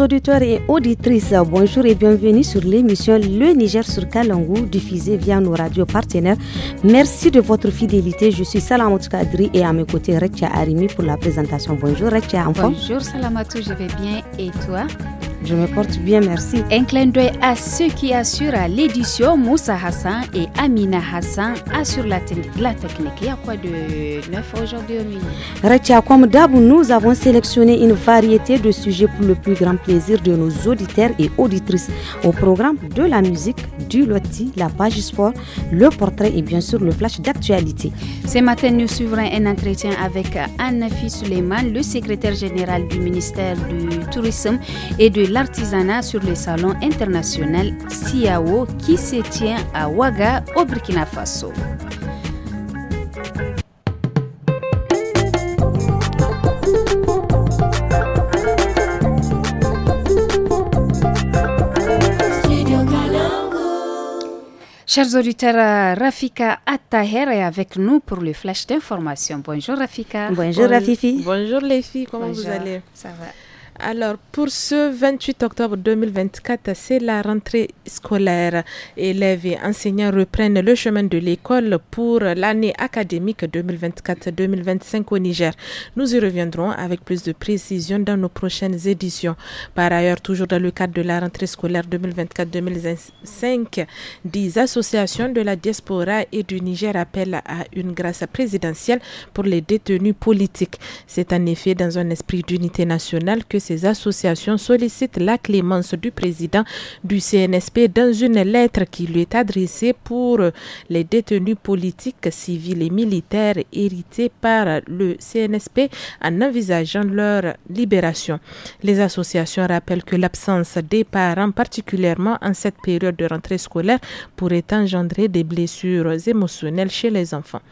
auditeurs et auditrices, bonjour et bienvenue sur l'émission Le Niger sur Kalangou, diffusée via nos radios partenaires. Merci de votre fidélité. Je suis Salamot Kadri et à mes côtés, Rekia Arimi pour la présentation. Bonjour Rekia, Bonjour Salamatou, je vais bien et toi je me porte bien, merci. Un clin d'œil à ceux qui assurent l'édition. Moussa Hassan et Amina Hassan assurent la, la technique. Il y a quoi de neuf aujourd'hui au comme d'hab, nous avons sélectionné une variété de sujets pour le plus grand plaisir de nos auditeurs et auditrices. Au programme de la musique, du loti, la page sport, le portrait et bien sûr le flash d'actualité. Ce matin, nous suivrons un entretien avec Anafi Suleiman, le secrétaire général du ministère du Tourisme et de l'artisanat sur le salon international Ciao qui se tient à Ouaga au Burkina Faso. Chers auditeurs, Rafika Attaher est avec nous pour le flash d'information. Bonjour Rafika. Bonjour Rafifi. Bonjour les filles, comment vous allez Ça va. Alors, pour ce 28 octobre 2024, c'est la rentrée scolaire. Élèves et enseignants reprennent le chemin de l'école pour l'année académique 2024-2025 au Niger. Nous y reviendrons avec plus de précision dans nos prochaines éditions. Par ailleurs, toujours dans le cadre de la rentrée scolaire 2024-2025, des associations de la diaspora et du Niger appellent à une grâce présidentielle pour les détenus politiques. C'est en effet dans un esprit d'unité nationale que ces les associations sollicitent la clémence du président du CNSP dans une lettre qui lui est adressée pour les détenus politiques, civils et militaires hérités par le CNSP en envisageant leur libération. Les associations rappellent que l'absence des parents, particulièrement en cette période de rentrée scolaire, pourrait engendrer des blessures émotionnelles chez les enfants.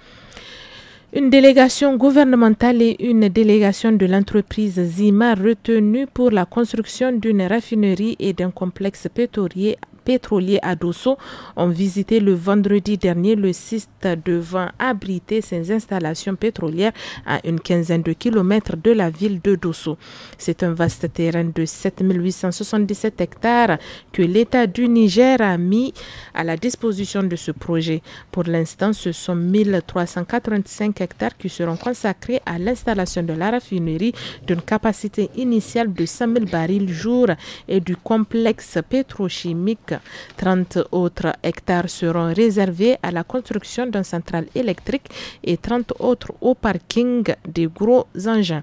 Une délégation gouvernementale et une délégation de l'entreprise Zima retenue pour la construction d'une raffinerie et d'un complexe pétrolier pétroliers à Dosso ont visité le vendredi dernier le site devant abriter ses installations pétrolières à une quinzaine de kilomètres de la ville de Dosso. C'est un vaste terrain de 7877 hectares que l'État du Niger a mis à la disposition de ce projet. Pour l'instant, ce sont 1385 hectares qui seront consacrés à l'installation de la raffinerie d'une capacité initiale de 100 000 barils jour et du complexe pétrochimique 30 autres hectares seront réservés à la construction d'une centrale électrique et 30 autres au parking des gros engins.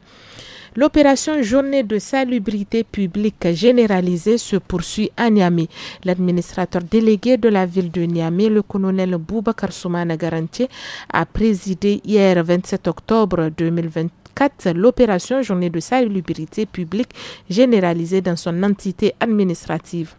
L'opération Journée de salubrité publique généralisée se poursuit à Niamey. L'administrateur délégué de la ville de Niamey, le colonel Bouba Soumana Garantier, a présidé hier 27 octobre vingt-quatre l'opération Journée de salubrité publique généralisée dans son entité administrative.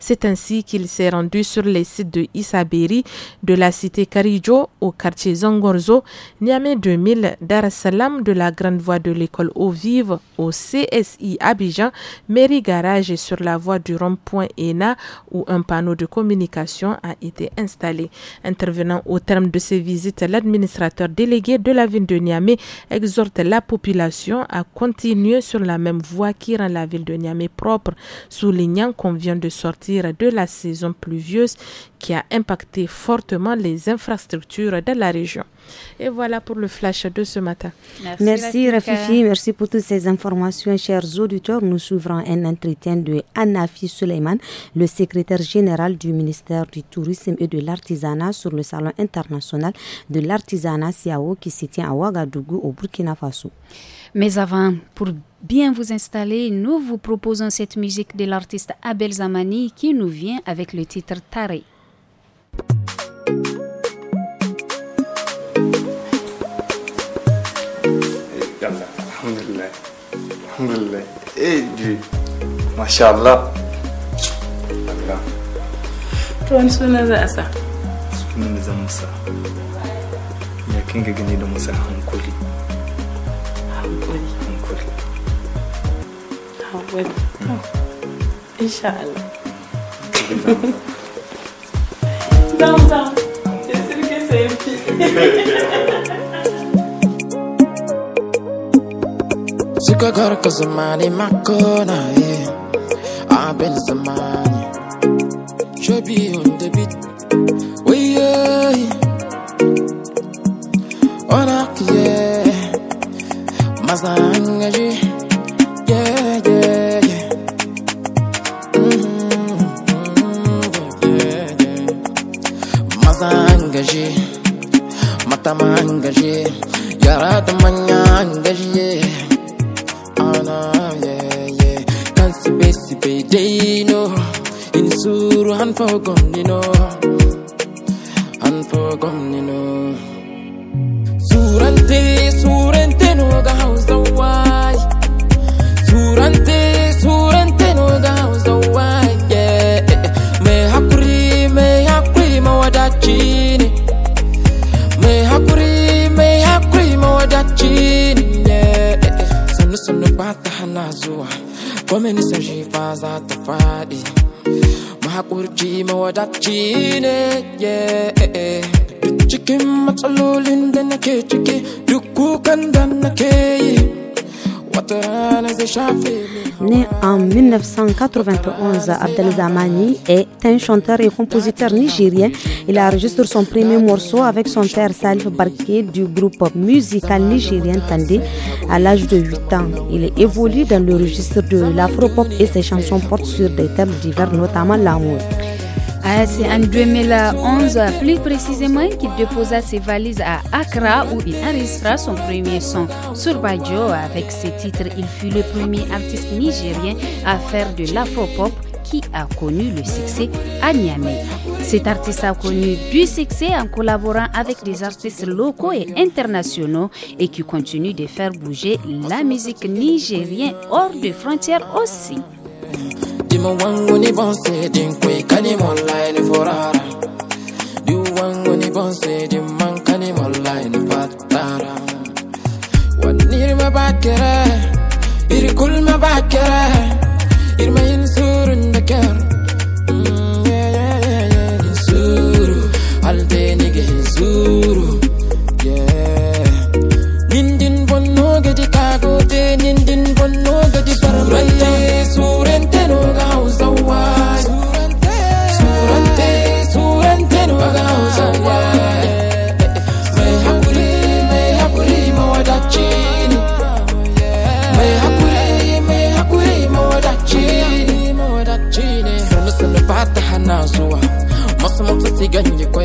C'est ainsi qu'il s'est rendu sur les sites de Isaberi, de la cité Karijo au quartier Zangorzo, Niamey 2000, Dar Salam de la grande voie de l'école au Vive au CSI Abidjan, mairie garage et sur la voie du rond-point ENA où un panneau de communication a été installé. Intervenant au terme de ces visites, l'administrateur délégué de la ville de Niamey exhorte la population à continuer sur la même voie qui rend la ville de Niamey propre, soulignant qu'on vient de sortir de la saison pluvieuse qui a impacté fortement les infrastructures de la région. Et voilà pour le flash de ce matin. Merci, merci Rafifi, merci pour toutes ces informations. Chers auditeurs, nous suivrons un entretien de Anafi Suleiman, le secrétaire général du ministère du Tourisme et de l'Artisanat sur le Salon international de l'artisanat Siao qui se tient à Ouagadougou au Burkina Faso. Mais avant, pour bien vous installer, nous vous proposons cette musique de l'artiste Abel Zamani qui nous vient avec le titre Taré. Alhamdulillah. Eh Dieu. Masha Allah. suis To wani à ça a y a quelqu'un qui a gagné kin ga gani en colis En colis هحول آه. ان شاء الله دام دام يسلك سيفي سكة غرق زماني معكونا إيه. عابل زماني شبيه دبيت وياي وانا قيه مزنا عنجي 1991, Abdel Zamani est un chanteur et compositeur nigérien. Il a enregistré son premier morceau avec son père Salif Barke du groupe musical nigérien Tandé à l'âge de 8 ans. Il évolue dans le registre de l'afropop et ses chansons portent sur des thèmes divers, notamment l'amour. Euh, c'est en 2011, plus précisément, qu'il déposa ses valises à Accra où il enregistra son premier son sur Bajo. Avec ses titres, il fut le premier artiste nigérien à faire de l'afropop qui a connu le succès à Niamey. Cet artiste a connu du succès en collaborant avec des artistes locaux et internationaux et qui continue de faire bouger la musique nigérienne hors de frontières aussi. Dimo wangu ni bonse dinkwe kani ni forara Di wangu ni bonse man kani online fatara Wanir mabakere ma bakere. yanyi kwa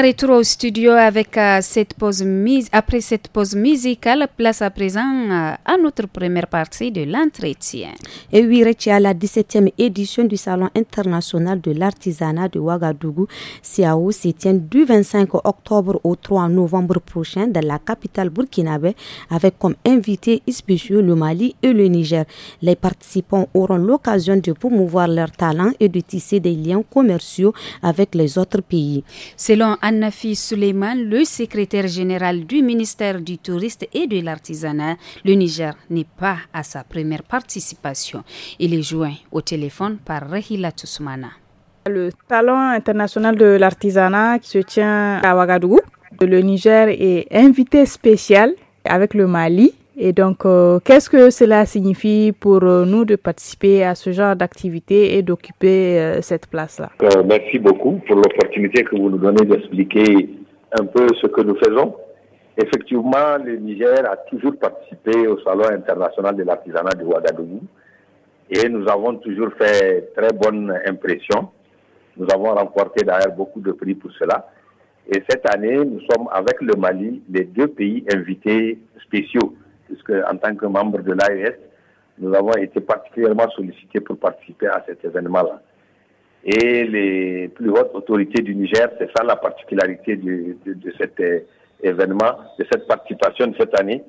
retour au studio avec euh, cette pause mise. Après cette pause musicale, place à présent euh, à notre première partie de l'entretien. Et oui, retient à la 17e édition du Salon international de l'artisanat de Ouagadougou, CAO, se tient du 25 octobre au 3 novembre prochain dans la capitale burkinabé avec comme invités spéciaux le Mali et le Niger. Les participants auront l'occasion de promouvoir leurs talents et de tisser des liens commerciaux avec les autres pays. Selon Annafi Suleiman, le secrétaire général du ministère du Tourisme et de l'Artisanat, le Niger n'est pas à sa première participation. Il est joint au téléphone par Rahila Tousmana. Le Salon international de l'artisanat qui se tient à Ouagadougou, le Niger est invité spécial avec le Mali et donc, euh, qu'est-ce que cela signifie pour euh, nous de participer à ce genre d'activité et d'occuper euh, cette place-là Merci beaucoup pour l'opportunité que vous nous donnez d'expliquer un peu ce que nous faisons. Effectivement, le Niger a toujours participé au Salon international de l'artisanat de Ouagadougou et nous avons toujours fait très bonne impression. Nous avons remporté d'ailleurs beaucoup de prix pour cela. Et cette année, nous sommes avec le Mali les deux pays invités spéciaux puisque en tant que membre de l'AES, nous avons été particulièrement sollicités pour participer à cet événement-là. Et les plus hautes autorités du Niger, c'est ça la particularité de, de, cet euh, événement, de cette participation de cette année,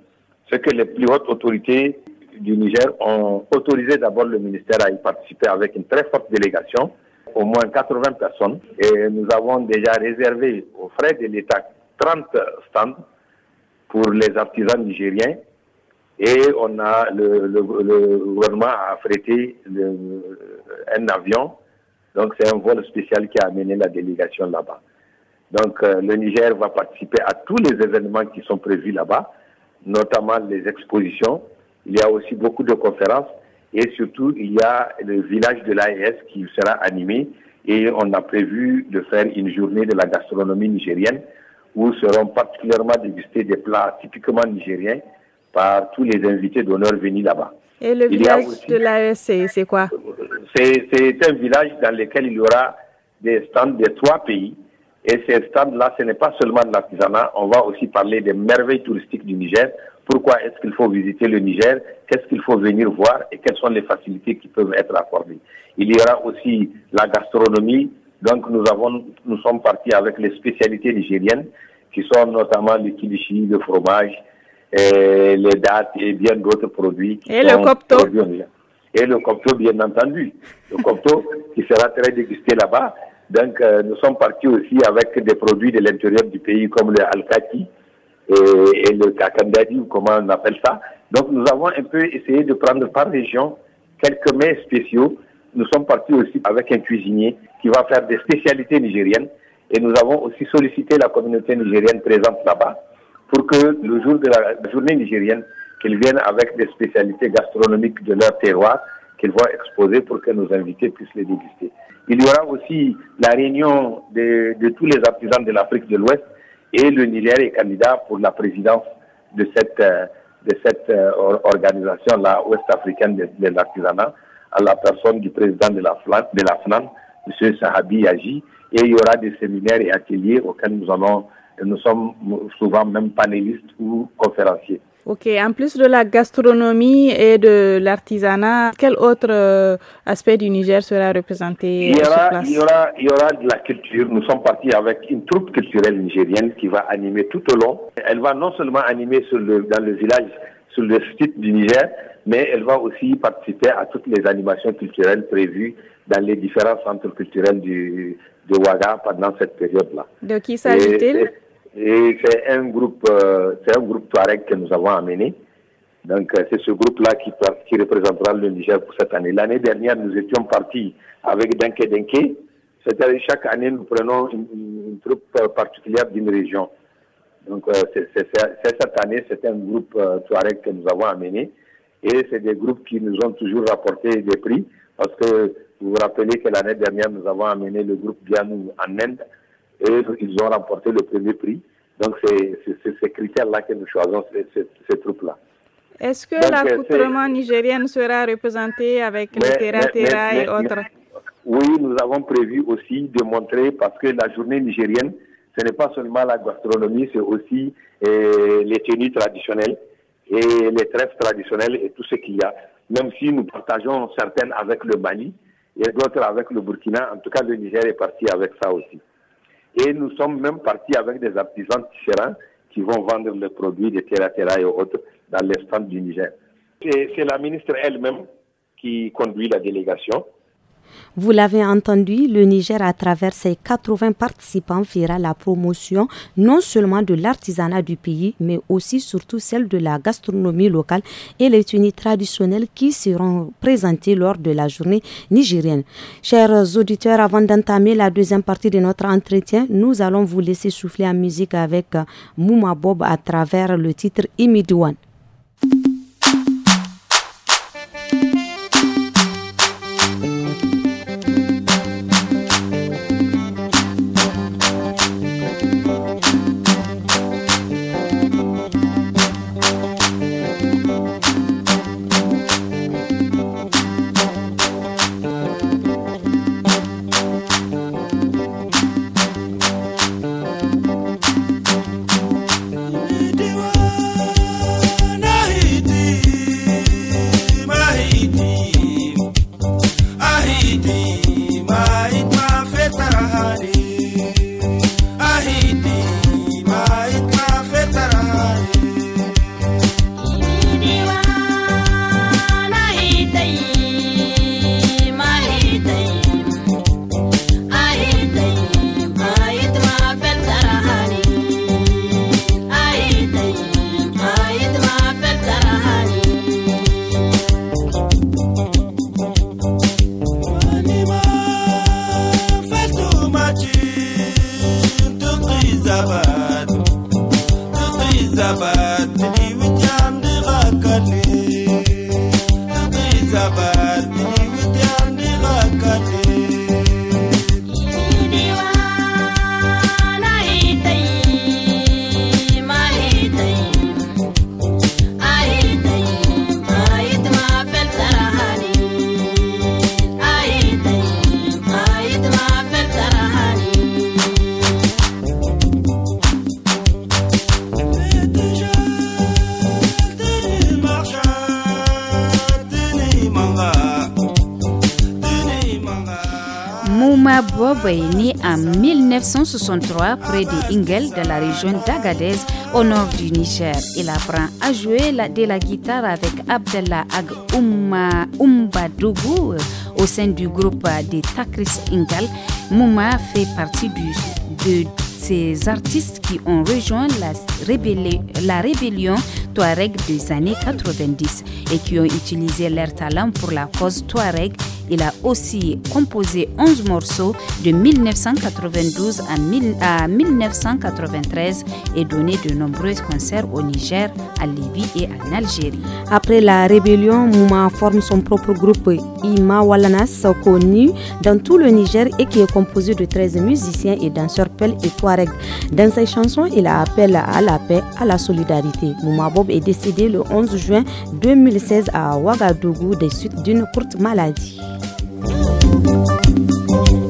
c'est que les plus hautes autorités du Niger ont autorisé d'abord le ministère à y participer avec une très forte délégation, au moins 80 personnes. Et nous avons déjà réservé aux frais de l'État 30 stands pour les artisans nigériens et on a le, gouvernement a affrété un avion. Donc c'est un vol spécial qui a amené la délégation là-bas. Donc euh, le Niger va participer à tous les événements qui sont prévus là-bas, notamment les expositions. Il y a aussi beaucoup de conférences et surtout il y a le village de l'AES qui sera animé et on a prévu de faire une journée de la gastronomie nigérienne où seront particulièrement dégustés des plats typiquement nigériens par tous les invités d'honneur venus là-bas. Et le village de l'ASC, c'est quoi C'est un village dans lequel il y aura des stands de trois pays. Et ces stands-là, ce n'est pas seulement de l'artisanat, on va aussi parler des merveilles touristiques du Niger. Pourquoi est-ce qu'il faut visiter le Niger Qu'est-ce qu'il faut venir voir Et quelles sont les facilités qui peuvent être accordées Il y aura aussi la gastronomie. Donc nous avons, nous sommes partis avec les spécialités nigériennes, qui sont notamment le kilichi, le fromage, et les dates et bien d'autres produits. Qui et sont le Et le copto, bien entendu. Le copto qui sera très dégusté là-bas. Donc, euh, nous sommes partis aussi avec des produits de l'intérieur du pays comme le alkati et, et, le kakandadi, ou comment on appelle ça. Donc, nous avons un peu essayé de prendre par région quelques mets spéciaux. Nous sommes partis aussi avec un cuisinier qui va faire des spécialités nigériennes. Et nous avons aussi sollicité la communauté nigérienne présente là-bas pour que le jour de la, journée nigérienne, qu'ils viennent avec des spécialités gastronomiques de leur terroir qu'ils vont exposer pour que nos invités puissent les déguster. Il y aura aussi la réunion de, tous les artisans de l'Afrique de l'Ouest et le Niger est candidat pour la présidence de cette, euh, de cette euh, organisation, la ouest-africaine de, l'artisanat, à la personne du président de la, FLAN, de la FNAN, M. Sahabi Yaji. Et il y aura des séminaires et ateliers auxquels nous allons nous sommes souvent même panélistes ou conférenciers. Ok, en plus de la gastronomie et de l'artisanat, quel autre euh, aspect du Niger sera représenté il y aura, il y, aura, il y aura de la culture. Nous sommes partis avec une troupe culturelle nigérienne qui va animer tout au long. Elle va non seulement animer sur le, dans le village, sur le site du Niger, mais elle va aussi participer à toutes les animations culturelles prévues dans les différents centres culturels du, de Ouaga pendant cette période-là. De qui s'agit-il et c'est un groupe, euh, c'est un groupe Touareg que nous avons amené. Donc euh, c'est ce groupe-là qui, qui, représentera le Niger pour cette année. L'année dernière, nous étions partis avec Denke Denke. chaque année, nous prenons une, troupe euh, particulière d'une région. Donc c'est cette année, c'est un groupe Touareg que nous avons amené. Et c'est des groupes qui nous ont toujours rapporté des prix. Parce que vous vous rappelez que l'année dernière, nous avons amené le groupe Bianou en Inde et ils ont remporté le premier prix. Donc c'est ces critères-là que nous choisissons, ces, troupes-là. Est-ce que l'accoutrement nigérien sera représenté avec les le et autres Oui, nous avons prévu aussi de montrer, parce que la journée nigérienne, ce n'est pas seulement la gastronomie, c'est aussi euh, les tenues traditionnelles et les trèfles traditionnelles et tout ce qu'il y a. Même si nous partageons certaines avec le Mali et d'autres avec le Burkina, en tout cas le Niger est parti avec ça aussi. Et nous sommes même partis avec des artisans différents qui vont vendre les produits de Terra Terra et autres dans les stands du Niger. C'est la ministre elle-même qui conduit la délégation. Vous l'avez entendu, le Niger, à travers ses 80 participants, fera la promotion non seulement de l'artisanat du pays, mais aussi surtout celle de la gastronomie locale et les tenues traditionnelles qui seront présentées lors de la journée nigérienne. Chers auditeurs, avant d'entamer la deuxième partie de notre entretien, nous allons vous laisser souffler en musique avec Mouma Bob à travers le titre Imidouane. 1963 près des Ingel de la région d'Agadez au nord du Niger. Il apprend à jouer de la guitare avec Abdallah Ag Umbadougou au sein du groupe des Takris Ingels. Mouma fait partie de ces artistes qui ont rejoint la, rébellion, la rébellion Touareg des années 90 et qui ont utilisé leur talent pour la cause Touareg il a aussi composé 11 morceaux de 1992 à 1993 et donné de nombreux concerts au Niger, à Libye et en Algérie. Après la rébellion, Mouma forme son propre groupe Ima Walanas, connu dans tout le Niger et qui est composé de 13 musiciens et danseurs Pel et Touareg. Dans ses chansons, il appelle à la paix, à la solidarité. Mouma Bob est décédé le 11 juin 2016 à Ouagadougou des suites d'une courte maladie. Thank you.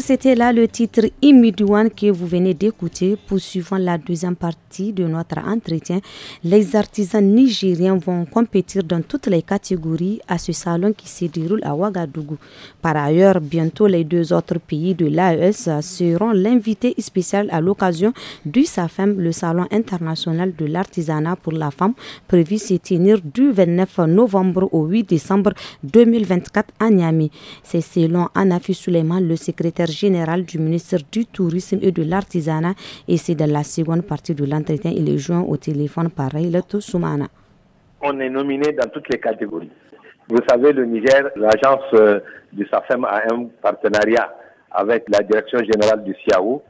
c'était là le titre Imidouane que vous venez d'écouter. Poursuivant la deuxième partie de notre entretien, les artisans nigériens vont compétir dans toutes les catégories à ce salon qui se déroule à Ouagadougou. Par ailleurs, bientôt les deux autres pays de l'AES seront l'invité spécial à l'occasion du SAFEM, le Salon international de l'artisanat pour la femme, prévu se tenir du 29 novembre au 8 décembre 2024 à Niamey. C'est selon Anafi Souleyman le secrétaire secrétaire général du ministère du Tourisme et de l'Artisanat. Et c'est dans la seconde partie de l'entretien, il est joint au téléphone par Raylato Soumana. On est nominé dans toutes les catégories. Vous savez, le Niger, l'agence euh, du SAFEM a un partenariat avec la direction générale du CIAO.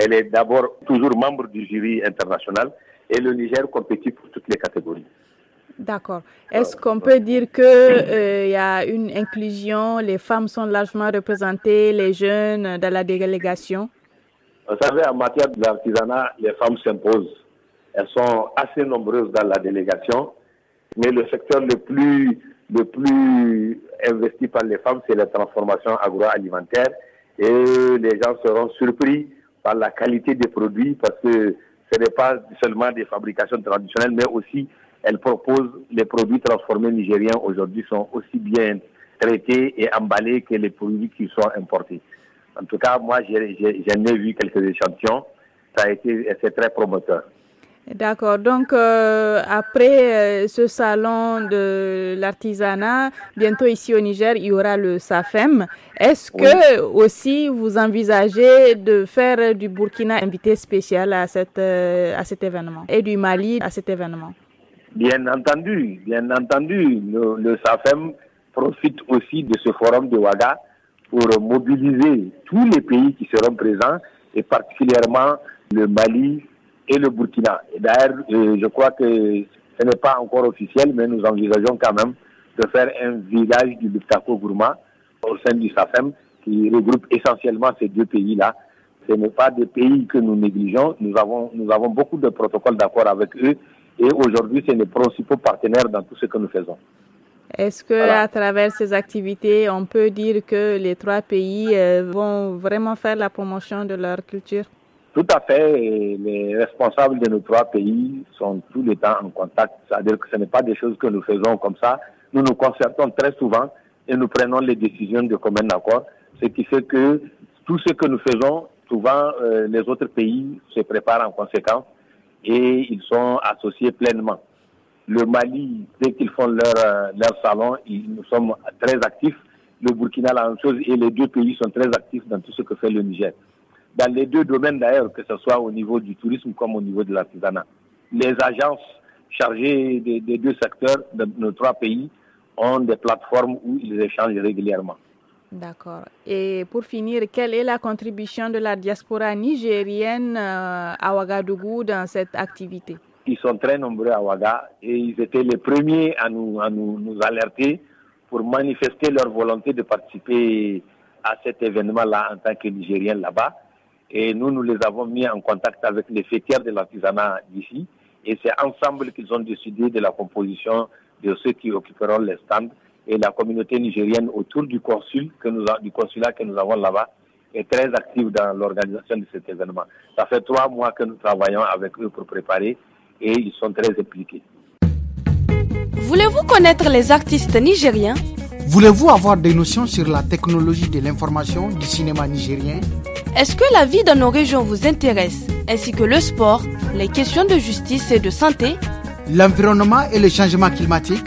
Elle est d'abord toujours membre du jury international et le Niger compétit pour toutes les catégories. D'accord. Est-ce qu'on euh, peut dire qu'il euh, y a une inclusion, les femmes sont largement représentées, les jeunes euh, dans la délégation Vous savez, en matière d'artisanat, les femmes s'imposent. Elles sont assez nombreuses dans la délégation, mais le secteur le plus, le plus investi par les femmes, c'est la transformation agroalimentaire. Et les gens seront surpris par la qualité des produits parce que ce n'est pas seulement des fabrications traditionnelles, mais aussi elle propose les produits transformés nigériens aujourd'hui sont aussi bien traités et emballés que les produits qui sont importés. En tout cas, moi, j'ai ai, vu quelques échantillons. Ça a été, c'est très promoteur. D'accord. Donc, euh, après euh, ce salon de l'artisanat, bientôt ici au Niger, il y aura le SAFEM. Est-ce que aussi vous envisagez de faire du Burkina invité spécial à, cette, euh, à cet événement et du Mali à cet événement Bien entendu, bien entendu, le, SAFEM profite aussi de ce forum de Ouaga pour mobiliser tous les pays qui seront présents et particulièrement le Mali et le Burkina. d'ailleurs, euh, je crois que ce n'est pas encore officiel, mais nous envisageons quand même de faire un village du Buktako Gourma au sein du SAFEM qui regroupe essentiellement ces deux pays-là. Ce n'est pas des pays que nous négligeons. nous avons beaucoup de protocoles d'accord avec eux et aujourd'hui, c'est nos principaux partenaires dans tout ce que nous faisons. Est-ce que à travers ces activités, on peut dire que les trois pays euh, vont vraiment faire la promotion de leur culture Tout à fait. les responsables de nos trois pays sont tout le temps en contact. C'est-à-dire que ce n'est pas des choses que nous faisons comme ça. Nous nous concertons très souvent et nous prenons les décisions de commun accord. Ce qui fait que tout ce que nous faisons, souvent euh, les autres pays se préparent en conséquence et ils sont associés pleinement. Le Mali, dès qu'ils font leur, euh, leur salon, ils, nous sommes très actifs. Le Burkina, la même chose, et les deux pays sont très actifs dans tout ce que fait le Niger. Dans les deux domaines d'ailleurs, que ce soit au niveau du tourisme comme au niveau de l'artisanat. Les agences chargées des, deux secteurs de nos trois pays ont des plateformes où ils échangent régulièrement. D'accord. Et pour finir, quelle est la contribution de la diaspora nigérienne euh, à Ouagadougou dans cette activité Ils sont très nombreux à Ouagadougou et ils étaient les premiers à nous, à nous, nous alerter pour manifester leur volonté de participer à cet événement-là en tant que Nigériens là-bas. Et nous, nous les avons mis en contact avec les fêtières de l'artisanat d'ici. Et c'est ensemble qu'ils ont décidé de la composition de ceux qui occuperont les stands et la communauté nigérienne autour du, consulat que nous avons là-bas est très active dans l'organisation de cet événement. Ça fait trois mois que nous travaillons avec eux pour préparer et ils sont très impliqués. Voulez-vous connaître les artistes nigériens Voulez-vous avoir des notions sur la technologie de l'information du cinéma nigérien Est-ce que la vie dans nos régions vous intéresse, ainsi que le sport, les questions de justice et de santé L'environnement et le changement climatique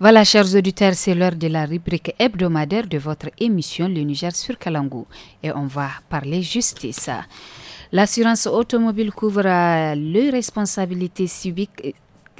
Voilà, chers auditeurs, c'est l'heure de la rubrique hebdomadaire de votre émission Le Niger sur Kalangou. Et on va parler juste ça. L'assurance automobile couvre euh, les responsabilités civiques euh,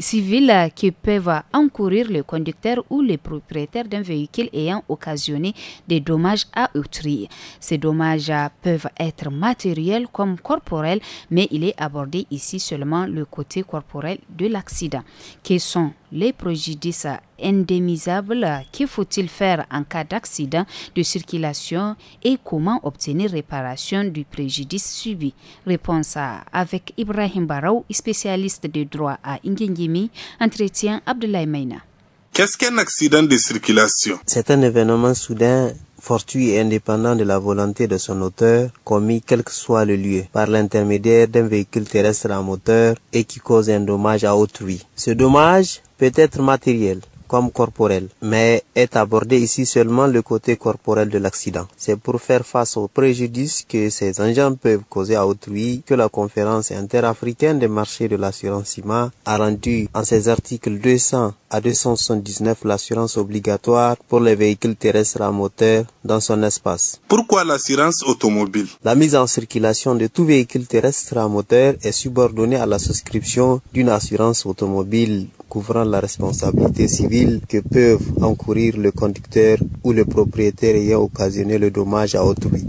civiles qui peuvent encourir le conducteur ou le propriétaire d'un véhicule ayant occasionné des dommages à autrui. Ces dommages euh, peuvent être matériels comme corporels, mais il est abordé ici seulement le côté corporel de l'accident, qui sont les préjudices indemnisables, qu'il faut-il faire en cas d'accident de circulation et comment obtenir réparation du préjudice subi Réponse avec Ibrahim Barraou, spécialiste de droit à Ngengimi, entretien Abdoulaye Maina. Qu'est-ce qu'un accident de circulation C'est un événement soudain fortuit et indépendant de la volonté de son auteur, commis quel que soit le lieu, par l'intermédiaire d'un véhicule terrestre à moteur et qui cause un dommage à autrui. Ce dommage peut être matériel comme corporel, mais est abordé ici seulement le côté corporel de l'accident. C'est pour faire face aux préjudices que ces engins peuvent causer à autrui que la conférence interafricaine des marchés de l'assurance IMA a rendu en ses articles 200 à 279 l'assurance obligatoire pour les véhicules terrestres à moteur dans son espace. Pourquoi l'assurance automobile La mise en circulation de tout véhicule terrestre à moteur est subordonnée à la souscription d'une assurance automobile couvrant la responsabilité civile que peuvent encourir le conducteur ou le propriétaire ayant occasionné le dommage à autrui.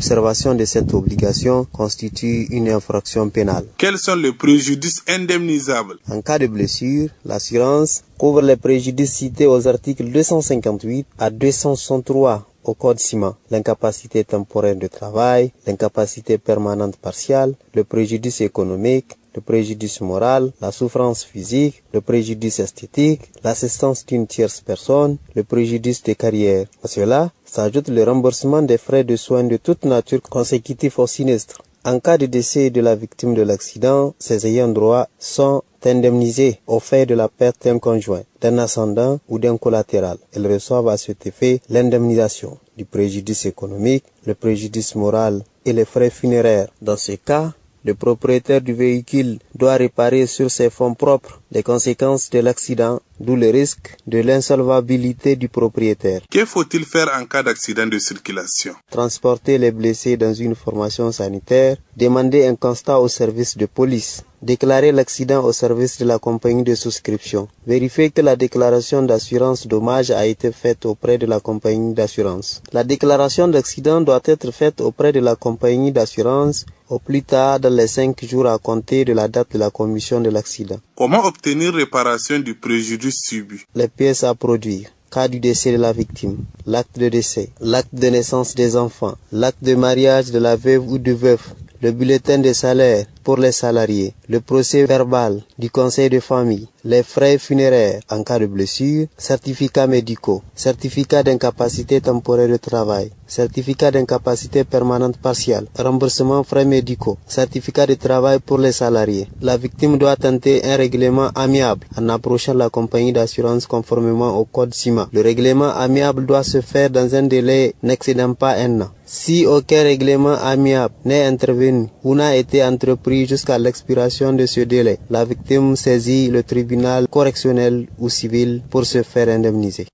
observation de cette obligation constitue une infraction pénale. Quels sont les préjudices indemnisables En cas de blessure, l'assurance couvre les préjudices cités aux articles 258 à 263 au code ciment, l'incapacité temporaire de travail, l'incapacité permanente partielle, le préjudice économique, le préjudice moral, la souffrance physique, le préjudice esthétique, l'assistance d'une tierce personne, le préjudice des carrières. À cela s'ajoute le remboursement des frais de soins de toute nature consécutifs au sinistre. En cas de décès de la victime de l'accident, ses ayants droit sont indemnisés au fait de la perte d'un conjoint, d'un ascendant ou d'un collatéral. Elles reçoivent à cet effet l'indemnisation du préjudice économique, le préjudice moral et les frais funéraires. Dans ce cas, le propriétaire du véhicule doit réparer sur ses fonds propres les conséquences de l'accident, d'où le risque de l'insolvabilité du propriétaire. Que faut-il faire en cas d'accident de circulation Transporter les blessés dans une formation sanitaire, demander un constat au service de police. Déclarer l'accident au service de la compagnie de souscription. Vérifier que la déclaration d'assurance dommage a été faite auprès de la compagnie d'assurance. La déclaration d'accident doit être faite auprès de la compagnie d'assurance au plus tard dans les cinq jours à compter de la date de la commission de l'accident. Comment obtenir réparation du préjudice subi Les pièces à produire cas du décès de la victime, l'acte de décès, l'acte de naissance des enfants, l'acte de mariage de la veuve ou de veuf, le bulletin de salaire pour les salariés, le procès verbal du conseil de famille, les frais funéraires en cas de blessure, certificats médicaux, certificat d'incapacité temporaire de travail, certificat d'incapacité permanente partielle, remboursement frais médicaux, certificat de travail pour les salariés. La victime doit tenter un règlement amiable en approchant la compagnie d'assurance conformément au code SIMA. Le règlement amiable doit se faire dans un délai n'excédant pas un an si aucun règlement amiable n'est intervenu ou n'a été entrepris jusqu'à l'expiration de ce délai, la victime saisit le tribunal correctionnel ou civil pour se faire indemniser.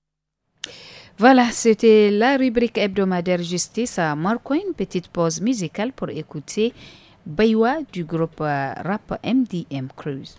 Voilà, c'était la rubrique hebdomadaire justice. Marco. une petite pause musicale pour écouter Baywa du groupe euh, rap MDM Cruise.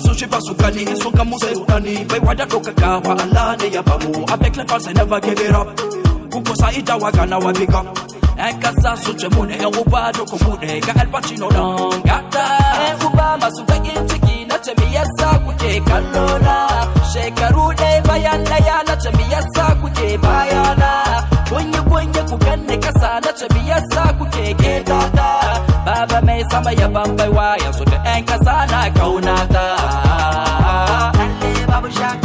son Basoshe basukani Songa muserutani Baiwada toka kawa ne ya bamu Avec les fans I never give it up Kukosa ita wagana wa big up Ekasa eh, suche mune eh, Uba doko mune Ka El Pacino dangata eh, Uba masuka intiki Na temi yasa kuje kalona Shekaru ne bayana ya Na temi yasa kuje bayana Kunye kunye kukanne kasa Na temi yasa kuje gedada baba mai sama ya wa yanzu da 'yan kasa na kaunata. Lalle babu shaka.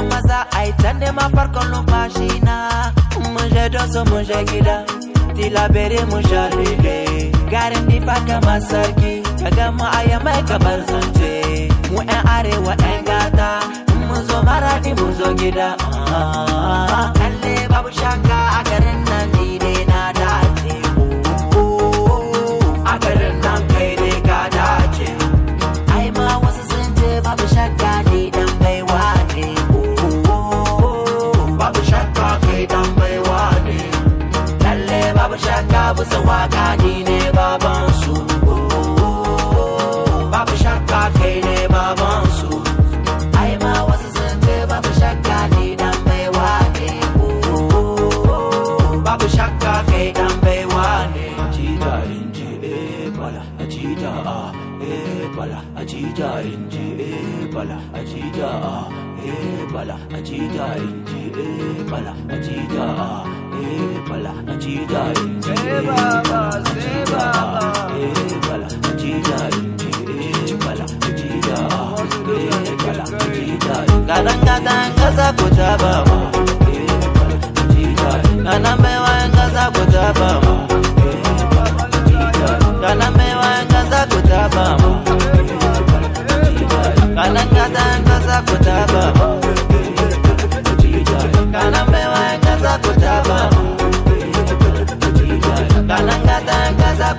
numai să ai Ține mă par con lu mașina Mânge dosu, mânge ghida Ti la bere mânge rile Garin di facă mă sarki Kaga mă aia mai Mu en are wa en gata Mun zo mara di mun zo gida Kalle ah, ah, ah. babu shaka a garin shakka busa waka ni ne baban su babu shakka kai ne baban su ai ma wasu sun ce babu shakka ni dan baiwa ne babu shakka kai dan baiwa ne ajita inji e bala ajita a e bala ajita inji e bala ajita a e bala ajita inji e bala ajita a e bala ajita inji ngaza kutaba ma. Nanambewa ngaza kutaba ma.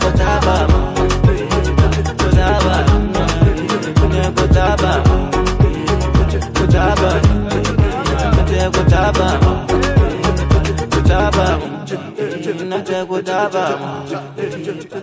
Kutaba, kutaba, kutaba, kutaba,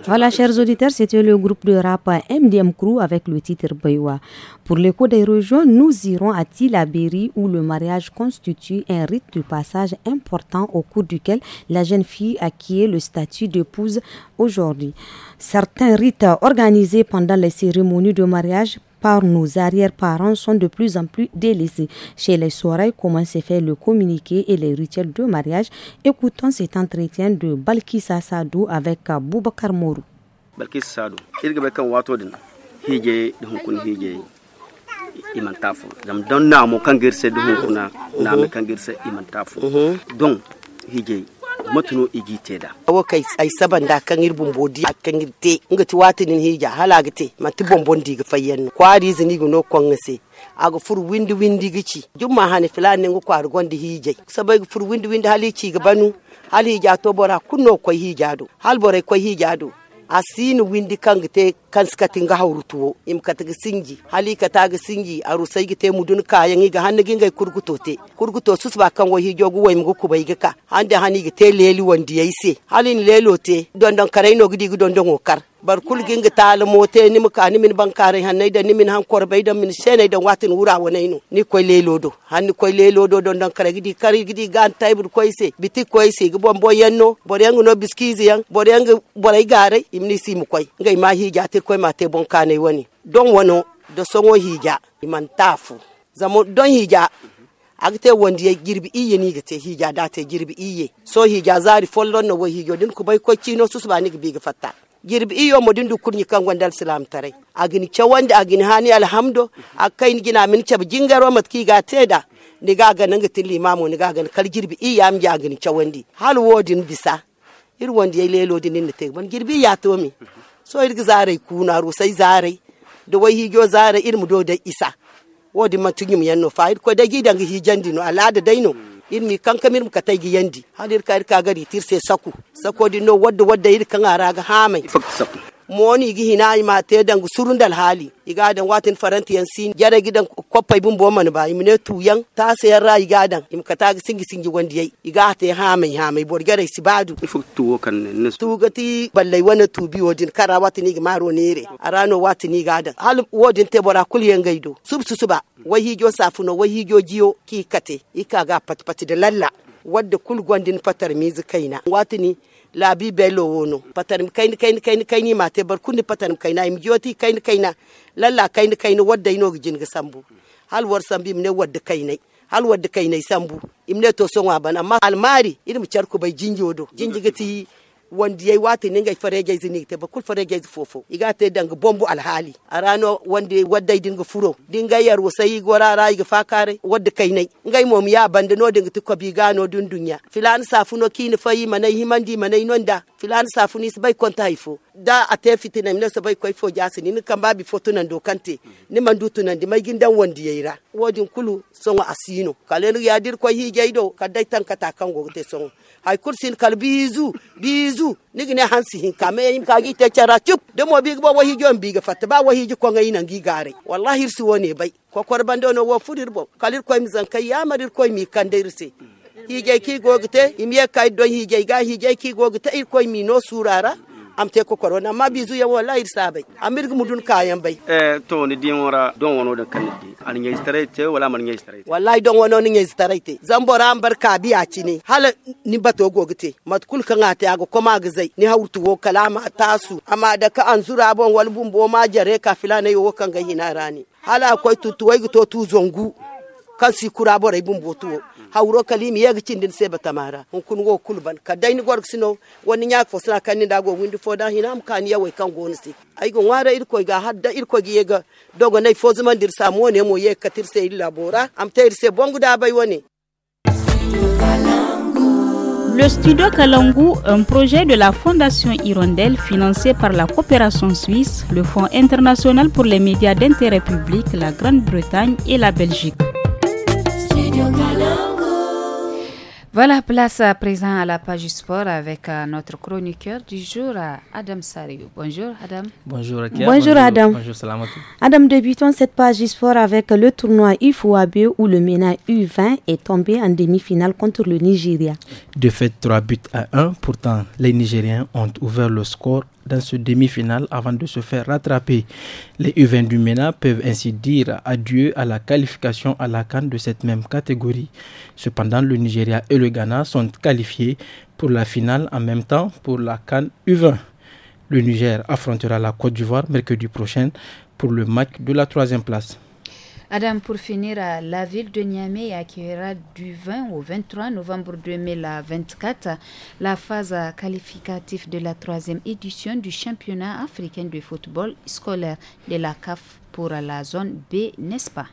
Voilà, chers auditeurs, c'était le groupe de rap MDM Crew avec le titre Bayoua. Pour l'écho des régions, nous irons à Tilaberi où le mariage constitue un rite de passage important au cours duquel la jeune fille acquiert le statut d'épouse aujourd'hui. Certains rites organisés pendant les cérémonies de mariage par nos arrière-parents sont de plus en plus délaissés. Chez les soirées, comment s'est fait le communiqué et les rituels de mariage Écoutons cet entretien de Balkissa Sadou avec Boubacar Mourou. Balkissa Sadou, il y a wato din hije da hunkun hije iman tafo. Zam don na mo kangirse da hunna na me kangirse iman tafo. Mm-hmm. Don hije matuno da. awo kai ai saban da kan ir bombodi kan irte ga ti ni hija te. mati bombondi ga fayyan kwari zini go no ngase. aga fur windi windi gici Juma hani filani ngo kwar gondi hije sabai fur windi windi hali ci ga banu hali ja to bora kunno koy hijado hal bora koy hijado asini windi kangte kansikati ngaha urutuwo imkataga singi hali kataga singi arusa igite mudun kaya ngiga hanne ginga kurgutote kurgutote sus bakango hijo guwe mgo kubaigeka hande hani igite leli wandiye ise hali ni lelote dondon karai no gidi dondon okar bar kul ginga tala mote ni muka ni min bankare hanne da ni min han korbe da min sene da watin wura wonai no ni koy lelodo hanni koy lelodo dondon karai gidi kari gidi gan taibur koy biti koy se gbo mbo yenno borengo no biskizi yang borengo borai gare imni simu koy ngai ma hijate te koi ma te bon kane wani don wano da songo hija iman tafu zamo don hija agte wondi girbi iye ni gite hija da te girbi iye so hija zari follow no wo hijo din ku bai ko su susba ni bi ga girbi iyo mo du kurni kan gondal salam tare agini chawande agini hani alhamdo akain gina min chab jingaro mat ki ga da. ni ga ga nan gatin limamu ni ga ga kal girbi iya am ja agini chawandi hal wodin bisa irwon ye lelo din ni te man girbi ya to mi so irgi zare kuna rusai zarai da wai higyo zare irmu do da isa wodi matugim yanno fa ko da gidan gi jandi no alada daino irmi kanka mirmu ka taygi yandi hadir ka irka gari tirse saku sako di no wadda wadda irka ngara ga hamai moni igi hina ima te dan surun dal hali iga dan watin faranti yan sin yara gidan koppai bun bo man ba imne tuyan ta sai ra iga dan im kata singi singi gondi yai iga te ha mai ha mai bor gare sibadu ifu tuwo kan ne tu gati ballai wana bi wodin kara watin igi maro nere arano watin iga dan hal wodin te bora kul yan gaido sub suba wahi jo safuno wahi jo jiyo ki kate ika ga pat pat da lalla wadda kul gondin fatar mizi kaina watini labi belo wono patarim kaini kaini kaini kaini te bar kunni patarim kaina im joti kaini kaina lalla kaini kaini wadda ino jinga sambu hal war sambi mne wadda kainai hal wadda kainai sambu imne to sonwa ban amma almari ilmu charku bai jinjodo jinjigati wanda yai wata ninga farage zini te bakul farege fofo ta danga bombu alhali rano wanda wadda dinga furo dinga yar wasai gora rai ga fakare wadda kai nai ngai mom ya banda no dinga tukko bi gano dun dunya filan no kini fayi manai himandi manai nonda filan safuni bai kwanta haifo da a ta fiti na minasa bai kwaifo foja ni kan babi nan dokante ni man dutunan di mai gindan wanda ya ra wajin kulu son wa asino kalen ya dir kwai hige ido kadai tan katakan gogote son hay kursin kalbizu bizu zu nigine hansi hinkame yim ka gi cara chup de mo big bo wahi jom big fat ba wahi ji ko ngai nangi gare wallahi su woni bay ko korban do no wo fudir bo kalir ko mi zankai ya marir ko mi kandir se hije ki gogte imiye kai don hije ga hije ki gogte ir ko mi no surara am te ko corona ma bizu ya wala ir sabai amir mudun kayan bai eh to ni di wora don wono da kan di an ngai straight wala man ngai straight wallahi don wono ni ngai straight zambora an barka bi a cini hala ni bato gogite kul kan ate ago koma gazai ni hawtu wo kalama tasu amma da ka an zura bon wal bo ma jare ka filana yo kan ga hina rani hala tutu tutuwai to tu zongu kan si kurabo rai bumbo tuwo hawro kalim yeg cindin seba tamara hun kun go kulban ka dayni gorg sino woni nyak fo sna kan ndago windu fo da hinam kan yawe kan go nsi ay go ngara ir koy ga hadda ir koy yega dogo nay fo zaman dir sam woni mo yeg katir se illa am tayir se bongu da bay woni Le studio Kalangu, un projet de la Fondation Hirondelle financé par la coopération suisse, le Fonds international pour les médias d'intérêt public, la Grande-Bretagne et la Belgique. Voilà, place à présent à la page sport avec euh, notre chroniqueur du jour, euh, Adam Sariou. Bonjour Adam. Bonjour Bonjour, Adam. Bonjour Adam, débutons cette page sport avec le tournoi Ifouabe où le MENA U20 est tombé en demi-finale contre le Nigeria. De fait, trois buts à 1, pourtant les Nigériens ont ouvert le score dans ce demi-finale avant de se faire rattraper. Les U20 du MENA peuvent ainsi dire adieu à la qualification à la Cannes de cette même catégorie. Cependant, le Nigeria et le Ghana sont qualifiés pour la finale en même temps pour la Cannes U20. Le Niger affrontera la Côte d'Ivoire mercredi prochain pour le match de la troisième place. Adam, pour finir, la ville de Niamey accueillera du 20 au 23 novembre 2024 la phase qualificative de la troisième édition du championnat africain de football scolaire de la CAF pour la zone B, n'est-ce pas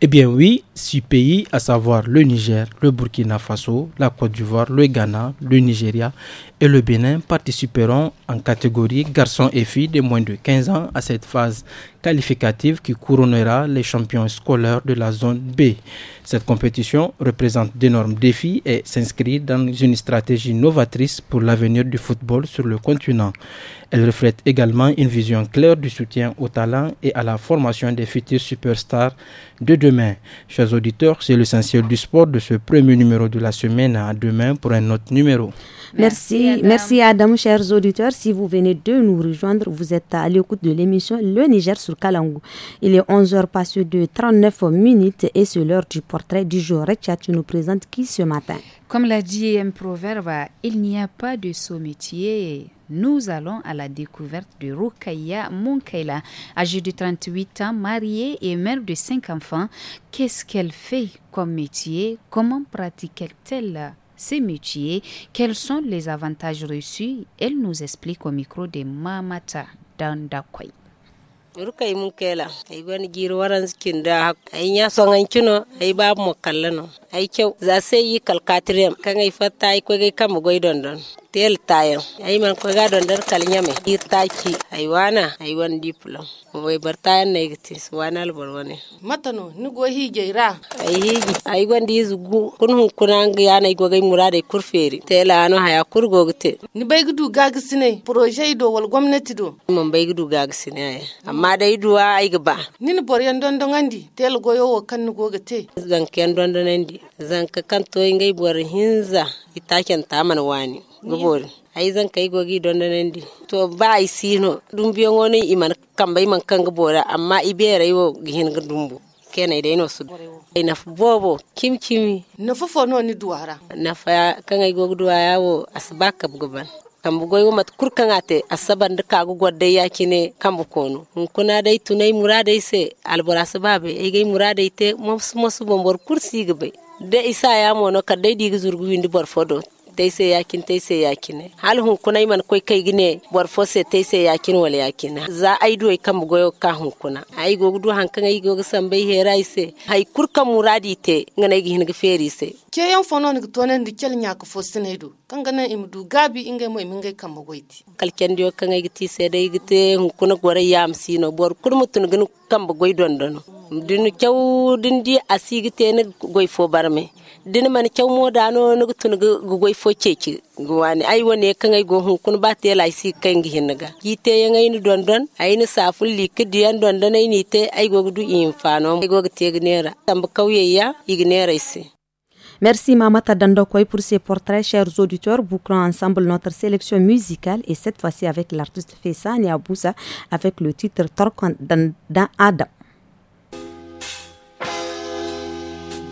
eh bien oui, six pays, à savoir le Niger, le Burkina Faso, la Côte d'Ivoire, le Ghana, le Nigeria et le Bénin participeront en catégorie garçons et filles de moins de 15 ans à cette phase qualificative qui couronnera les champions scolaires de la zone B. Cette compétition représente d'énormes défis et s'inscrit dans une stratégie novatrice pour l'avenir du football sur le continent. Elle reflète également une vision claire du soutien aux talents et à la formation des futurs superstars de demain. Chers auditeurs, c'est l'essentiel du sport de ce premier numéro de la semaine. À demain pour un autre numéro. Merci, merci Adam, chers auditeurs. Si vous venez de nous rejoindre, vous êtes à l'écoute de l'émission Le Niger sur Kalangou. Il est 11h passé de 39 minutes et c'est l'heure du portrait du jour. tu nous présente qui ce matin Comme l'a dit un proverbe, il n'y a pas de sommetier nous allons à la découverte de Rukaya Munkela, âgée de 38 ans, mariée et mère de 5 enfants. Qu'est-ce qu'elle fait comme métier Comment pratique-t-elle ces métiers Quels sont les avantages reçus Elle nous explique au micro de Mamata rukai tel tayo ay man ko ga don dar kal nyame ir taki ay wana ay wan diplom boy bar tayan ne giti wana al bor wane matano ni go hige ra ay hige ay gwandi zugu kun hun kunan ga yana go gai murade kurferi tela ano haya go gite ni bai gudu ga gisine projet do wal gwamnati do mon bai gudu ga gisine ay amma dai duwa ay gaba ni ni bor yan don don andi tel go yo kan go gite zan kan don don andi zan ka kan to ngay bor hinza itaken tamana wani gobol aizan zan kai gogi don to ba sino dum iman kamba iman kan gobora amma ibera yo gihin dumbu kena ida bobo kim kimi na fofo no ni duara. na fa kan ai wo asbaka bugoban kambu goy mat kur kan ate asaban de kagu godde yakine kambu kono kuna dai tunai murade se albora sababe e gai murade te mos mos bombor kursi gbe. De isa ya mono kadde digi zurgu windi bor fodo taise yakin taise yakin hal hun kuna man koy kai gine bor fose taise yakin za ai do kam goyo ka hun kuna ai go du han kan ai go san bai hera ise hay kurka muradi te ngana gi hin feri se ke yan tonen di kel fose ne kan gabi inga mo im ngai kam goiti giti se dai gite hun kuna gore yam sino bor kurmutun gnu kam don dono dinu kyau dindi asigi goy fo barme dini man kyau mo da no nugu tun gu goi fo ceki gu wani ai wane kan ai go hun kun ba te si kan gi hin ga yi te yan ni don don ai ni saful li ki diyan don don ai ni te ay go du in fano ai go te gnera tambu kauye ya ignera isi Merci Mamata Dandokoy pour ces portraits, chers auditeurs, bouclant ensemble notre sélection musicale et cette fois-ci avec l'artiste Fessani Aboussa avec le titre Torkan Dan, Dan Adam.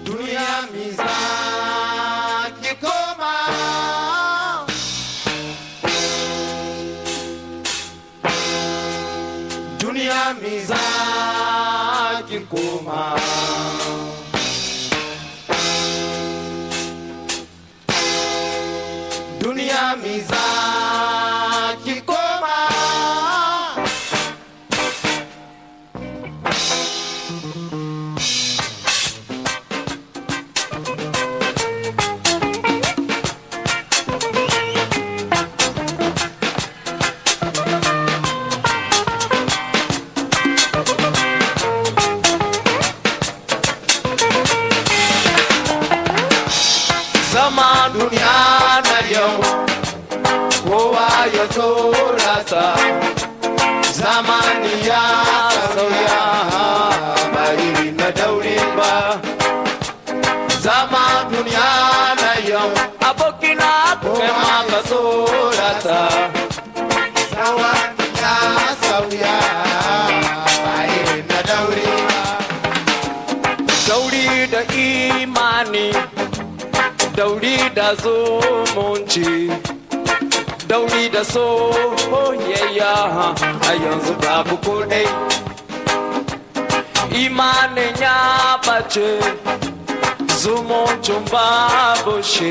Dunia, amizade com mais. ما صورته سوا يا سويا عين دوري دوري دا إيماني دوري دا زومونتي dauri da so hoyayya yeah yanzu babu ko dai imanin ya bace zumuncin babu shi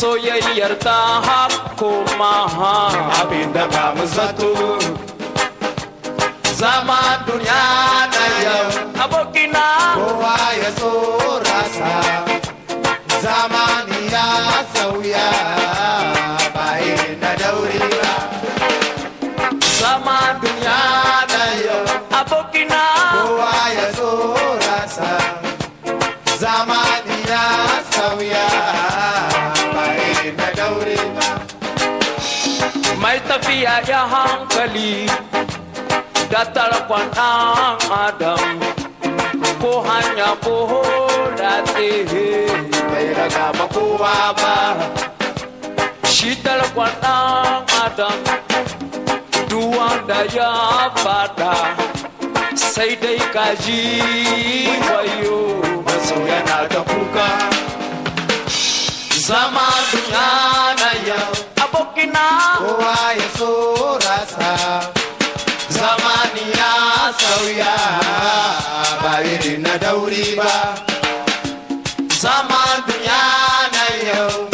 soyayyar ta hako maha abinda ba mu zato zama duniya na yau abokina kowa ya tsora sa zamani ya sauya bayan na daure zama duniya na yau abokina kowa ya tsora tafiya da hankali da tarkon adam ko hanya ko tsehe bai raga ma kowa ba shi tarkon adam duwanda ya fada sai dai kaji wayo masu yana da kuka zama duniya kina kowa ya so rasa zamani ya sauya ba na dauri ba sama duniya na yau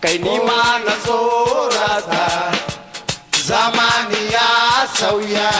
kai nima na so rasa zamani ya sauya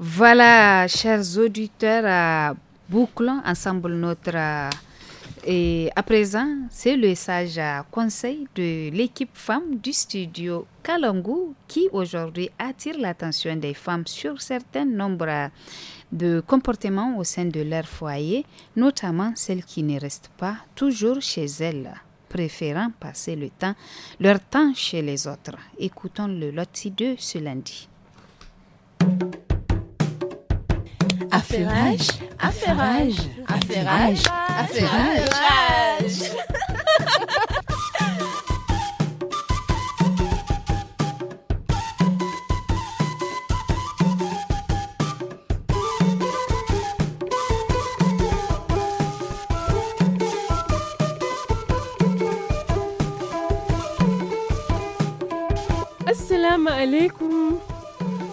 Voilà, chers auditeurs, bouclons ensemble notre... Euh, et à présent, c'est le sage conseil de l'équipe femme du studio Kalangu qui aujourd'hui attire l'attention des femmes sur certains nombres de comportements au sein de leur foyer, notamment celles qui ne restent pas toujours chez elles, préférant passer le temps, leur temps chez les autres. Écoutons le loti 2 ce lundi affairage, affairage, affairage, affairage. Assalamu alaikum.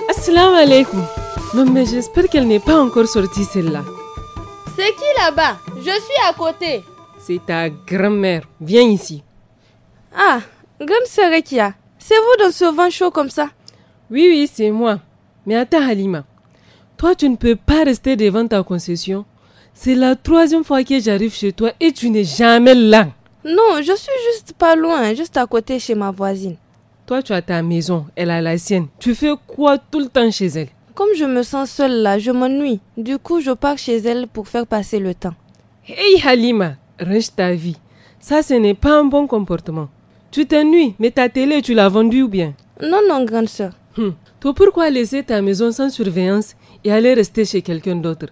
Assalamu alaikum. Non mais j'espère qu'elle n'est pas encore sortie celle-là. C'est qui là-bas Je suis à côté. C'est ta grand-mère. Viens ici. Ah, grand-sœur Rekia, c'est vous dans ce vent chaud comme ça Oui, oui, c'est moi. Mais attends Halima, toi tu ne peux pas rester devant ta concession. C'est la troisième fois que j'arrive chez toi et tu n'es jamais là. Non, je suis juste pas loin, juste à côté chez ma voisine. Toi tu as ta maison, elle a la sienne. Tu fais quoi tout le temps chez elle comme je me sens seule là, je m'ennuie. Du coup, je pars chez elle pour faire passer le temps. Hey Halima, range ta vie. Ça, ce n'est pas un bon comportement. Tu t'ennuies, mais ta télé, tu l'as vendue ou bien Non, non, grande soeur. Hum. Toi, pourquoi laisser ta maison sans surveillance et aller rester chez quelqu'un d'autre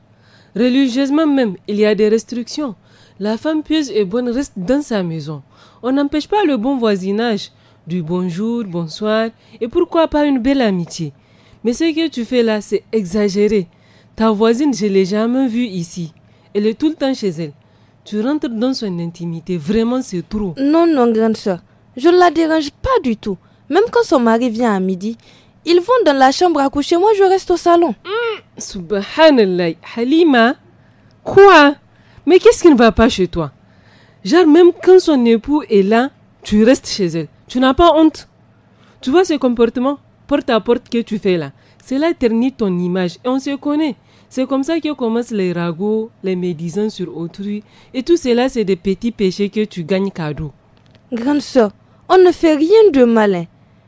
Religieusement même, il y a des restrictions. La femme pieuse et bonne reste dans sa maison. On n'empêche pas le bon voisinage, du bonjour, bonsoir, et pourquoi pas une belle amitié. Mais ce que tu fais là, c'est exagéré. Ta voisine, je l'ai jamais vue ici. Elle est tout le temps chez elle. Tu rentres dans son intimité. Vraiment, c'est trop. Non, non, grande soeur. Je ne la dérange pas du tout. Même quand son mari vient à midi, ils vont dans la chambre à coucher. Moi, je reste au salon. Hmm, subhanallah. Halima, quoi Mais qu'est-ce qui ne va pas chez toi Genre, même quand son époux est là, tu restes chez elle. Tu n'as pas honte. Tu vois ce comportement porte à porte que tu fais là, cela ternit ton image et on se connaît. C'est comme ça que commencent les ragots, les médisants sur autrui et tout cela c'est des petits péchés que tu gagnes cadeau. Grande sœur, on ne fait rien de malin.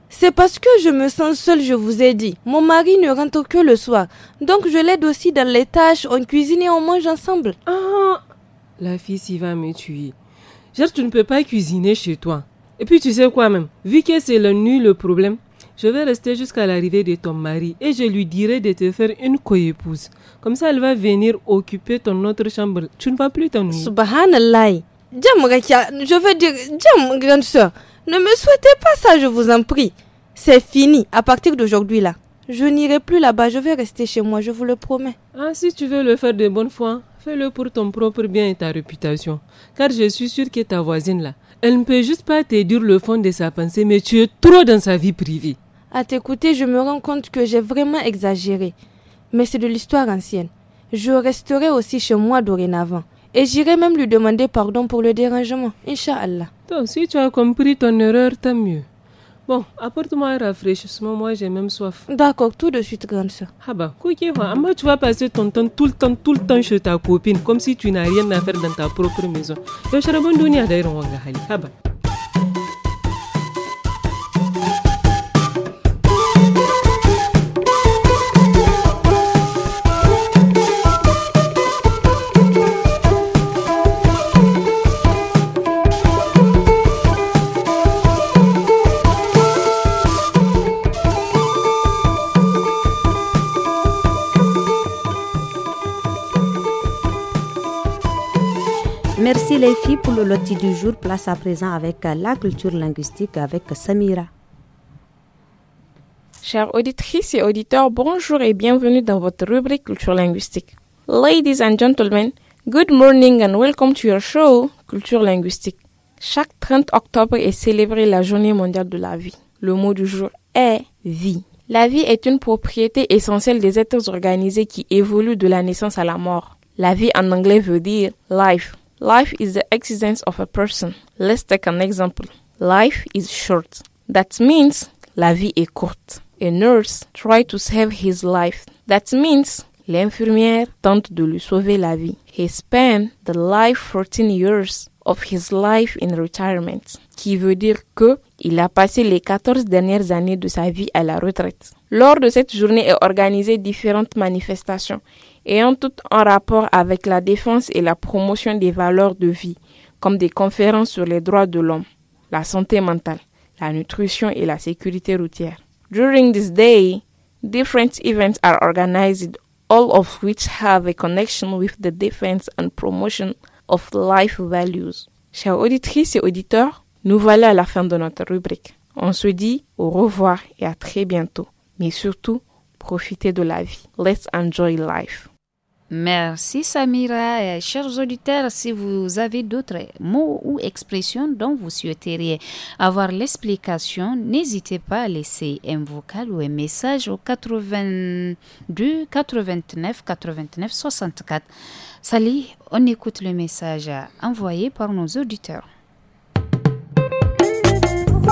C'est parce que je me sens seule, je vous ai dit. Mon mari ne rentre que le soir, donc je l'aide aussi dans les tâches, on cuisine et on mange ensemble. Ah, la fille s'y va me tuer. Genre, tu ne peux pas cuisiner chez toi. Et puis tu sais quoi même, vu que c'est la nuit le problème, je vais rester jusqu'à l'arrivée de ton mari et je lui dirai de te faire une coépouse. Comme ça, elle va venir occuper ton autre chambre. Tu ne vas plus t'ennuyer. Subhanallah. Je veux dire, Diam, grande soeur, ne me souhaitez pas ça, je vous en prie. C'est fini, à partir d'aujourd'hui là. Je n'irai plus là-bas, je vais rester chez moi, je vous le promets. Ah, si tu veux le faire de bonne foi, fais-le pour ton propre bien et ta réputation. Car je suis sûre que ta voisine là, elle ne peut juste pas te dire le fond de sa pensée, mais tu es trop dans sa vie privée. À t'écouter, je me rends compte que j'ai vraiment exagéré. Mais c'est de l'histoire ancienne. Je resterai aussi chez moi dorénavant. Et j'irai même lui demander pardon pour le dérangement, Inch'Allah. Donc, si tu as compris ton erreur, tant mieux. Bon, apporte-moi un rafraîchissement, moi j'ai même soif. D'accord, tout de suite, grande soeur. Ah bah, tu vas passer ton temps tout le temps, tout le temps chez ta copine, comme si tu n'as rien à faire dans ta propre maison. Ah bah. les filles pour le loti du jour. Place à présent avec euh, la culture linguistique avec Samira. Chères auditrices et auditeurs, bonjour et bienvenue dans votre rubrique culture linguistique. Ladies and gentlemen, good morning and welcome to your show Culture linguistique. Chaque 30 octobre est célébrée la journée mondiale de la vie. Le mot du jour est vie. La vie est une propriété essentielle des êtres organisés qui évoluent de la naissance à la mort. La vie en anglais veut dire life. Life is the existence of a person. Let's take an example. Life is short. That means la vie est courte. A nurse tried to save his life. That means l'infirmière tente de lui sauver la vie. He spent the life 14 years of his life in retirement, qui veut dire que il a passé les 14 dernières années de sa vie à la retraite. Lors de cette journée est organisée différentes manifestations ayant tout en rapport avec la défense et la promotion des valeurs de vie, comme des conférences sur les droits de l'homme, la santé mentale, la nutrition et la sécurité routière. During this day, different events are organized, all of which have a connection with the defense and promotion of life values. Chers auditrices et auditeurs, nous voilà à la fin de notre rubrique. On se dit au revoir et à très bientôt. Mais surtout, profitez de la vie. Let's enjoy life. Merci Samira. Et chers auditeurs, si vous avez d'autres mots ou expressions dont vous souhaiteriez avoir l'explication, n'hésitez pas à laisser un vocal ou un message au 82 89 89 64. Salut, on écoute le message envoyé par nos auditeurs.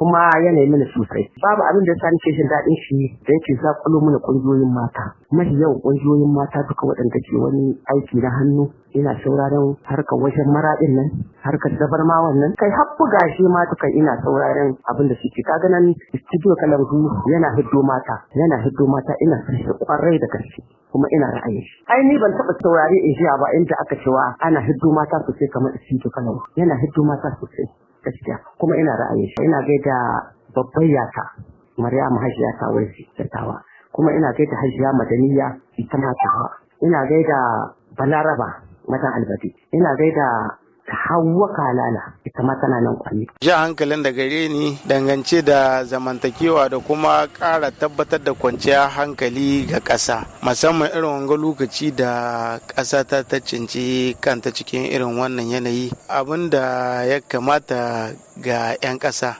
kuma yanayi mana sosai babu abin da sani ke jin daɗin shi da yake zakulo mana ƙungiyoyin mata mafi yawan ƙungiyoyin mata duka waɗanda ke wani aiki na hannu ina sauraron harkar wajen maraɗin nan harkar dabar ma wannan kai har buga shi ma duka ina sauraron abin da suke kaga nan studio kalangu yana hiddo mata yana hiddo mata ina son shi kwarai da gaske kuma ina ra'ayin shi ai ban taɓa saurari in ba inda aka cewa ana hiddo mata sosai kamar studio kalangu yana hiddo mata sosai gaskiya kuma ina ra'ayin shi ina gaida babban yata Maryamu Hajiya ta wai tawa kuma ina gaida Hajiya Madaniya ita ma tawa ina gaida Balaraba maza Albadi ina gaida hawa kalala ita ma tana nan kwami. Ja hankalin da gare ni dangance da zamantakewa da kuma ƙara tabbatar da kwanciyar hankali ga ƙasa Masamman irin wanga lokaci da ƙasa ta ta cinci kanta cikin irin wannan yanayi abin da ya kamata ga 'yan ƙasa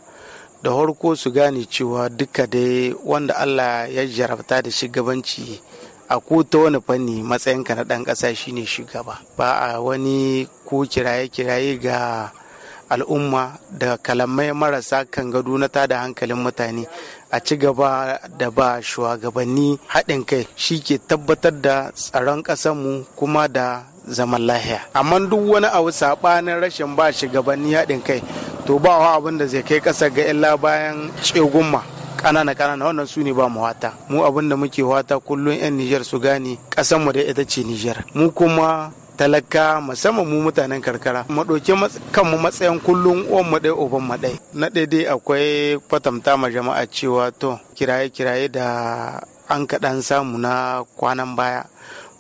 da harko su gane cewa duka dai wanda Allah ya jarabta da gabanci? a ko ta wani fanni matsayinka na ɗan ƙasa shine shugaba ba a wani ko kiraye-kiraye ga al'umma da kalamai marasa kan gado na tada hankalin mutane a ci gaba da ba shugabanni haɗin kai shi ke tabbatar da tsaron ƙasanmu kuma da zaman lahiya amma duk wani abu saɓanin rashin ba shugabanni haɗin kai to ba abin da zai kai ƙasa ga illa bayan tsegumma kanana kanana wannan su ne ba mu wata mu abin da muke wata kullun yan Nijar su gane kasan mu da ita ce Nijar mu kuma talaka musamman mu mutanen karkara mu ɗauki kanmu matsayin kullun uwan mu dai uban mu dai na daidai akwai kwatamta ma jama'a cewa to kiraye kiraye da an kaɗan samu na kwanan baya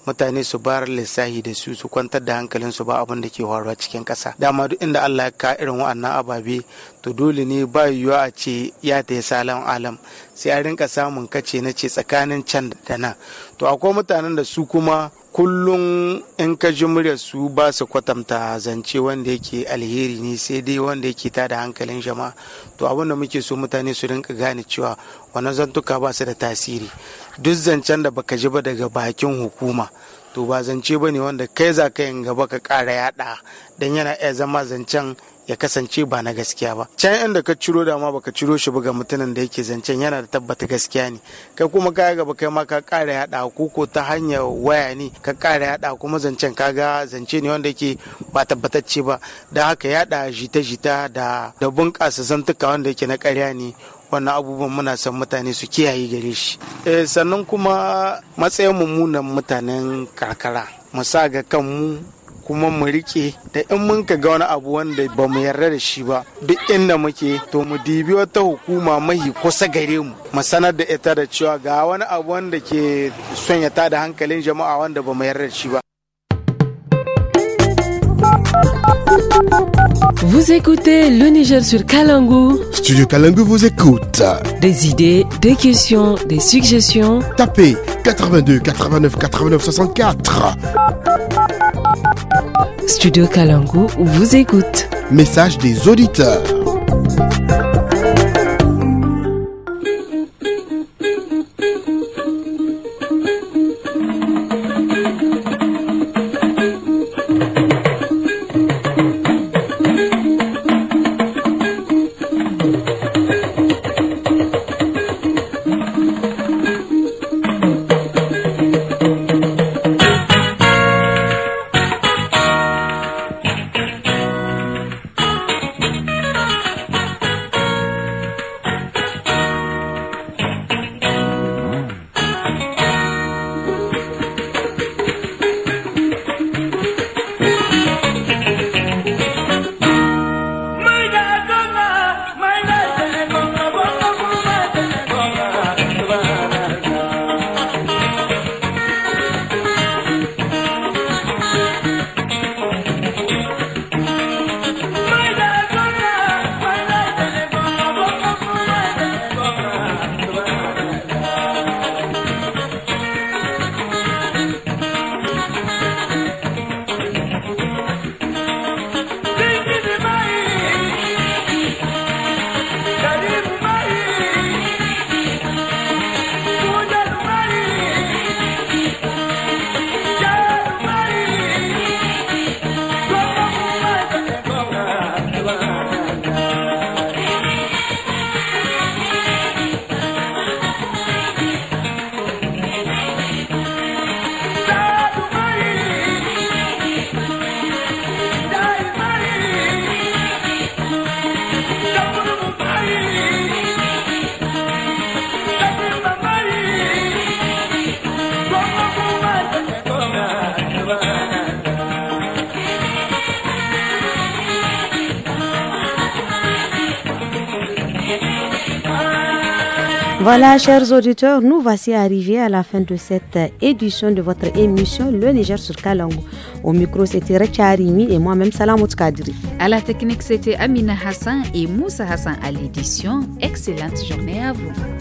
mutane su bar lissahi da su su kwantar da hankalin su ba abin da ke faruwa cikin ƙasa dama duk inda Allah ya ka irin wa'annan ababe to dole ne ba yiwuwa a ce ya ta yi salam alam sai a rinka samun kace na ce tsakanin can da nan to akwai mutanen da su kuma kullum in ka ji su ba su kwatanta zance wanda yake alheri ne sai dai wanda yake da hankalin jama'a to abin muke so mutane su rinka gane cewa wannan zantuka ba su da tasiri duk zancen da baka ji ba daga bakin hukuma to ba zance ba ne wanda kai za ka yin gaba ka kara yaɗa don yana iya zama zancen ya kasance ba na gaskiya ba can inda ka ciro dama ma baka ciro shi ba ga mutumin da yake zancen yana da tabbata gaskiya ne kai kuma ka gaba kai ma ka ƙara yaɗa ko ta hanyar waya ne ka ƙara yada kuma zancen ka ga zance ne wanda yake ba tabbatacce ba da haka yada jita-jita da da bunƙasa zantuka wanda yake na ƙarya ne wannan abubuwan muna son mutane su kiyaye gare shi eh, sannan kuma matsayin mummunan mutanen karkara mu sa ga kanmu kuma mu rike da in mun ga wani abu wanda ba mu yarda da shi ba duk inda muke to mu dibi wata hukuma mahi kusa gare mu mu sanar da ita da cewa ga wani abu wanda ke son ya hankalin jama'a wanda ba mu yarda da shi ba Vous écoutez le Niger sur Kalangu. Studio Kalangu vous écoute. Des idées, des questions, des suggestions. Tapez 82 89 89 64. Studio Kalangu vous écoute. Message des auditeurs. chers auditeurs, nous voici arrivés à la fin de cette édition de votre émission Le Niger sur Kalango. Au micro, c'était Recha Arimi et moi-même Salam Kadri. À la technique, c'était Amina Hassan et Moussa Hassan à l'édition. Excellente journée à vous.